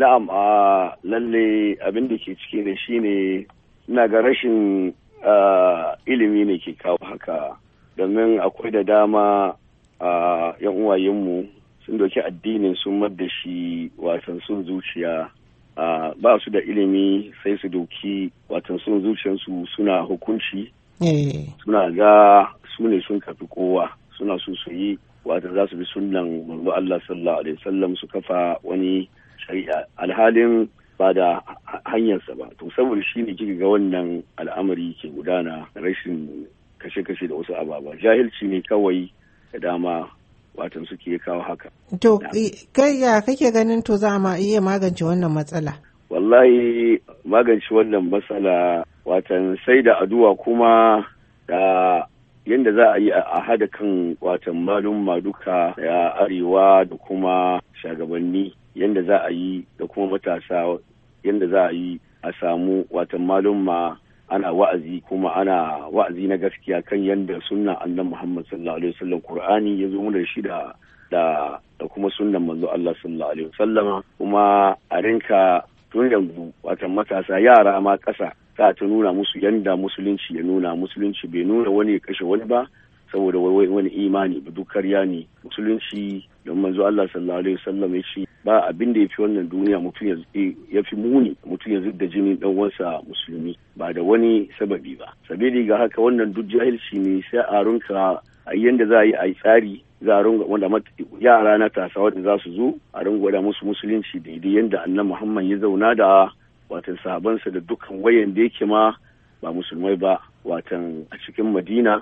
Na'am a lalle abin da ke ciki ne shine ina ga rashin ilimi ne ke kawo haka domin akwai da dama yan uwayenmu sun doki addinin sun da shi wasan sun zuciya ba su da ilimi sai su doki watan sun zuciyarsu suna hukunci eh. suna ga su ne sun kafi kowa suna so su yi wata za su bi sunan Allah sallallahu alaihi wasallam su kafa wani alhalin ba da hanyarsa ba to saboda shi ne kika ga wannan al'amari ke gudana rashin kashe-kashe da wasu ababa jahilci ne kawai da dama watan suke kawo haka to eh, kai ya kake ganin to za a iya magance wannan matsala wallahi magance wannan matsala watan sai da addu'a kuma da yadda za a yi a hada kan watan malum maduka ya arewa da kuma shagabanni yadda za a yi da kuma matasa yadda za a yi a samu watan malum ma ana wa'azi kuma ana wa'azi na gaskiya kan yadda suna annan muhammad sallallahu alaihi wasallam qur'ani ya zo da shi da da kuma sunnan manzo Allah sallallahu alaihi wasallama kuma a rinka tun yanzu watan matasa yara ma ƙasa za ta nuna musu yanda musulunci ya nuna musulunci bai nuna wani ya kashe wani ba saboda wani imani ba duk karya ne musulunci don manzo Allah sallallahu alaihi wasallam ya ce ba abin da yafi wannan duniya mutum ya fi muni mutum ya zidda jinin dan wansa musulmi ba da wani sababi ba sabili ga haka wannan duk jahilci ne sai a runka a yanda za a yi a tsari za a runga wanda yara na tasa wanda za su zo a runga musu musulunci daidai yanda annan Muhammad ya zauna da watan sahabansa da dukkan wayan da yake ma ba musulmai ba watan a cikin madina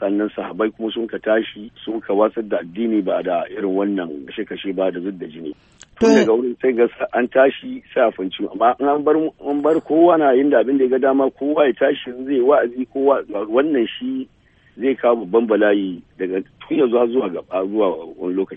sannan sahabai kuma sun ka tashi sun ka watsar da addini ba da irin wannan kashe-kashe ba da zudda jini tun daga wurin sai ga an tashi sai a fanci amma an bar kowa na yin da abin da ya ga dama kowa ya tashi zai wa'azi kowa wannan shi zai kawo babban bala'i daga tun yanzu zuwa gaba zuwa wani lokaci